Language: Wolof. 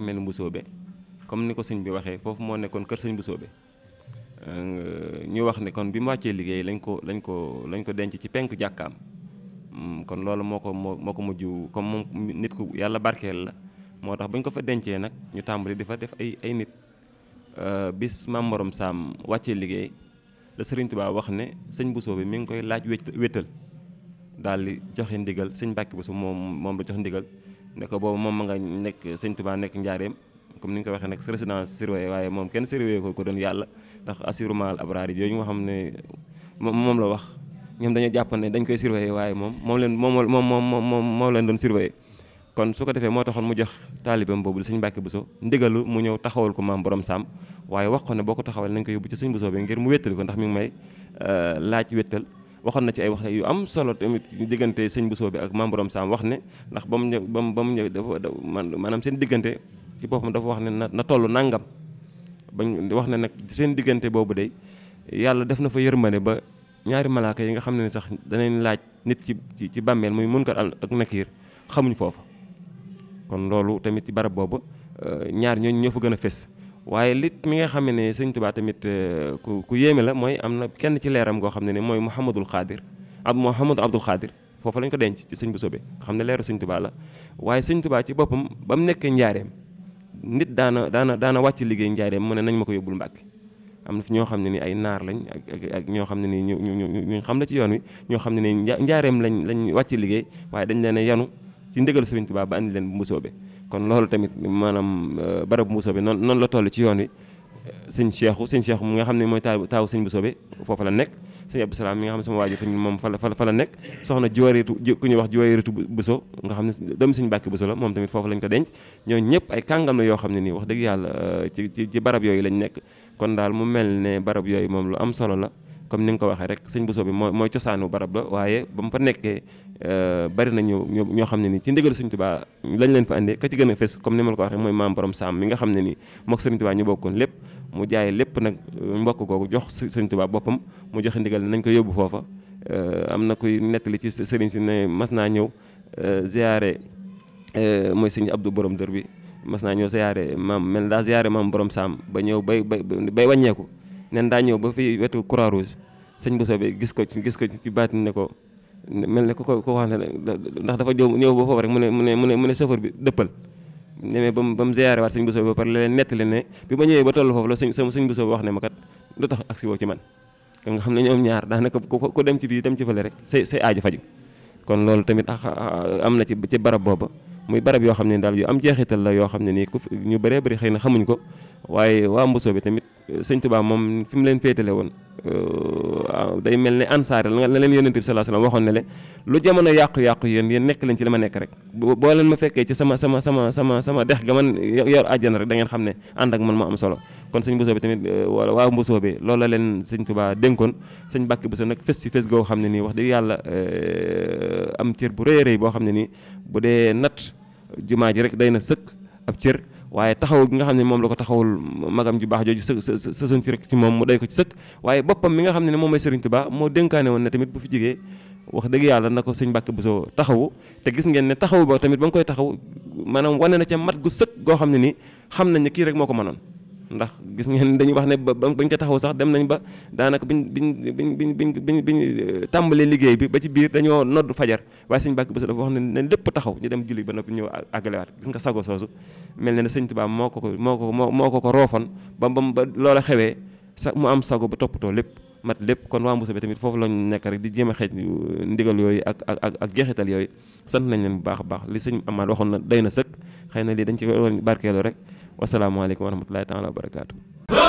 armeelu Mbusoobe comme ni ko sëñ bi waxee foofu moo nekkoon kër sëñ Mbusoobe ñu wax ne kon bi mu wàccee liggéey lañ ko lañ ko lañ ko denc ci penk jàkkaam mm, kon loolu moo ko moo moo ko mujj comme moom nit ku yàlla barkeel la moo tax bañ ko fa dencee nag ñu tàmbali di fa def ay ay nit euh, bis maam Morom Saam wàccee liggéey la Sëriñ Tuubaa wax ne sëñ Mbusoobe mi ngi koy laaj wétal daal di joxe ndigal sëñ Mbàkke Buso moom moom la jox ndigal ne ko boobu moom ma nga nekk sëñ Tuubaa nekk njaareem comme ni nga ko waxee nag résidence surveillée waaye moom kenn surveillé ko ko doon yàlla ndax assurément al abraar yi yooyu nga xam ne moom la wax ñoom dañoo jàpp ne dañ koy surveillé waaye moom moom leen moom moom moom moom leen doon surveillé kon su ko defee moo taxoon mu jox taalibam boobu sëñ Mbàkke Buso ndigalu mu ñëw taxawal ko maam borom saam waaye wax ko ne boo ko taxawal nañ ko yóbbu ci sëñ Buso bi ngir mu wéttal ko ndax mi ngi may euh, laaj waxoon na ci ay wax yu am solo tamit diggante sëñ Bousso bi ak Mame Borom Sam wax ne ndax ba mu ñëw ba mu ba mu man dafa maanaam seen diggante ci boppam dafa wax ne na na toll nangam bañ wax ne nag seen diggante boobu de yàlla def na fa yërmande ba ñaari malaaka yi nga xam ne sax danañ laaj nit ci ci ci bàmmeel muy Munkar ak Nakiir xamuñ foofa kon loolu tamit ci barab boobu euh, ñaar ñooñu ñoo fa gën a fés. waaye lit mi nga xam ne sëñ Tuubaa tamit euh, ku ku yéeme la mooy am na kenn ci leeram goo xam ne ne mooy Mouhamadul Xaadir ab Mouhamadou Abdoul Xaadir foofu lañ ko denc ci sëñ bu sobe xam ne leeru sëñ Tuubaa la waaye sëñ Tuubaa ci boppam ba mu nekkee njaareem nit daana daana daana wàcc liggéey njaareem mu ne nañ ma ko yóbbul Mbàkke am na fi ñoo xam ne ni ay naar lañ ak ñoo xam ne nii ñu ñu xam la ci yoon wi ñoo xam ne ni njaareem lañ lañ wàcc liggéey waaye dañ leen a yanu ci ndigal sëriñ Tuubaa andi leen bu mu kon loolu tamit maanaam euh, barab Mousso bi noonu noonu la toll ci yoon wi sëñ Cheikhou sëñ Cheikhou mu nga xam ne mooy taaw taawu sëñ Mousso bi foofu la nekk mi nga xam ne sama waajur tamit moom fa la fa la nekk soxna jiwaritu ku ñuy wax jiwaritu Bousso nga xam ne doomu sëñ Mbàkke Bousso la moom tamit foofu lañ ko denc ñoo ñëpp ay kàngam la yoo xam ne nii wax dëgg yàlla euh, ci ci barab yooyu lañ nekk kon daal mu mel ne barab yooyu moom lu am solo la comme ni nga ko waxee rek sëñ Bousso bi mooy mooy cosaanu barab la waaye ba mu fa nekkee euh, bari na ñu ñoo xam ne ni ci ndigal sëñ Tuubaa lañ leen fa andee ka ci gën a fës comme ni ma la mooy maam borom saam xam ne ni mook sëñ Tuubaa ñu bokkoon lépp mu jaay lépp nag euh, mbokk googu jox sëñ Tuubaa boppam mu joxe ndigal nañ ko yóbbu foofa euh, am na kuy nekk li ci sëriñ si ne mas naa ñëw ziyaare mooy sëñ Abdou borom dër bi mas naa ñëw ziyaare maam mel daa ziyaare maam borom saam ba ñëw bay bay bay wàññeeku neen daa ñëw ba fi wetu croix rouge sëñ bu soobee gis ko gis ko ci baat ne ko mel ne ko ko ko xam ne ndax dafa jow ñëw ba foofu rek mu ne mu ne mu ne mu ne chauffeur bi dëppal ñemee ba mu ba mu ziyaare waat sëñ bu soobee ba ma ñëwee ba toll foofu la sëñ sëñ bu soobee wax ne ma kat lu tax agsi woo ci man kon nga xam ne ñoom ñaar daanaka ko dem ci bii dem ci fële rek say say aaju faju kon loolu tamit ah, ah, ah, am na ci ci barab booba muy barab yoo xam ne daal yu am jeexital la yoo xam ne nii ku ñu baree bëri xëy na xamuñ ko waaye waa Mboussobé tamit sëñ Tuubaa moom fi mu leen féetale woon day mel ne ansaar la la leen yonent bi sallallahu alayhi wasallam waxoon ne le lu jamono yàqu-yàqu yéen yéen nekk leen ci li ma nekk rek boo leen ma fekkee ci sama sama sama sama sama dex ga man yor àjjana rek da ngeen xam ne ànd ak man ma am solo kon sëñ Mboussobé tamit wala waa Mboussobé loolu la leen sëñ Tuubaa dénkoon sëñ bàkki Bousso nag fes si fes goo xam ne nii wax dëgg yàlla am cër bu rëy a rëy boo xam ne nii bu dee nat jumaa ji rek day na sëkk ab cër waaye taxaw gi nga xam ne moom la ko taxawul magam ju baax jooju sa sa sënc rek ci moom mu day ko ci sëkk waaye boppam mi nga xam ne moom mooy Serigne Touba moo dénkaane woon ne tamit bu fi jógee wax dëgg yàlla na ko sëñ Mbàkke Bousso taxawu te gis ngeen ne taxawu ba tamit ba nga koy taxaw maanaam wane na ca mat gu sëkk goo xam ne ni xam nañ kii rek moo ko mënoon ndax gis ngeen dañuy wax ne ba bañ ko taxaw sax dem nañ ba daanaka bi biñ biñ biñ biñ biñ biñ tàmbalee liggéey bi ba ci biir dañoo nodd fajar waaye sëñ Mbàkke Bousso dafa wax ne ne lépp taxaw ñu dem julli ba noppi ñëw àggalewaat gis nga sago soosu mel ne ne sëñ Tuubaa moo ko ko moo ko moo ko ko roofoon ba bam ba loola xewee sa mu am sago ba toppatoo lépp mat lépp kon waa Mbuso bi tamit foofu lañu nekk rek di jéema a xeej uh, ndigal yooyu ak ak ak jeexital yooyu sant nañ leen bu baax a baax li sëñ Amaat waxoon na na sëkk xëy na lii dañ ci barkeelu rek wasalaamaaleykum wa rahmatulahi taala wa barakaatu.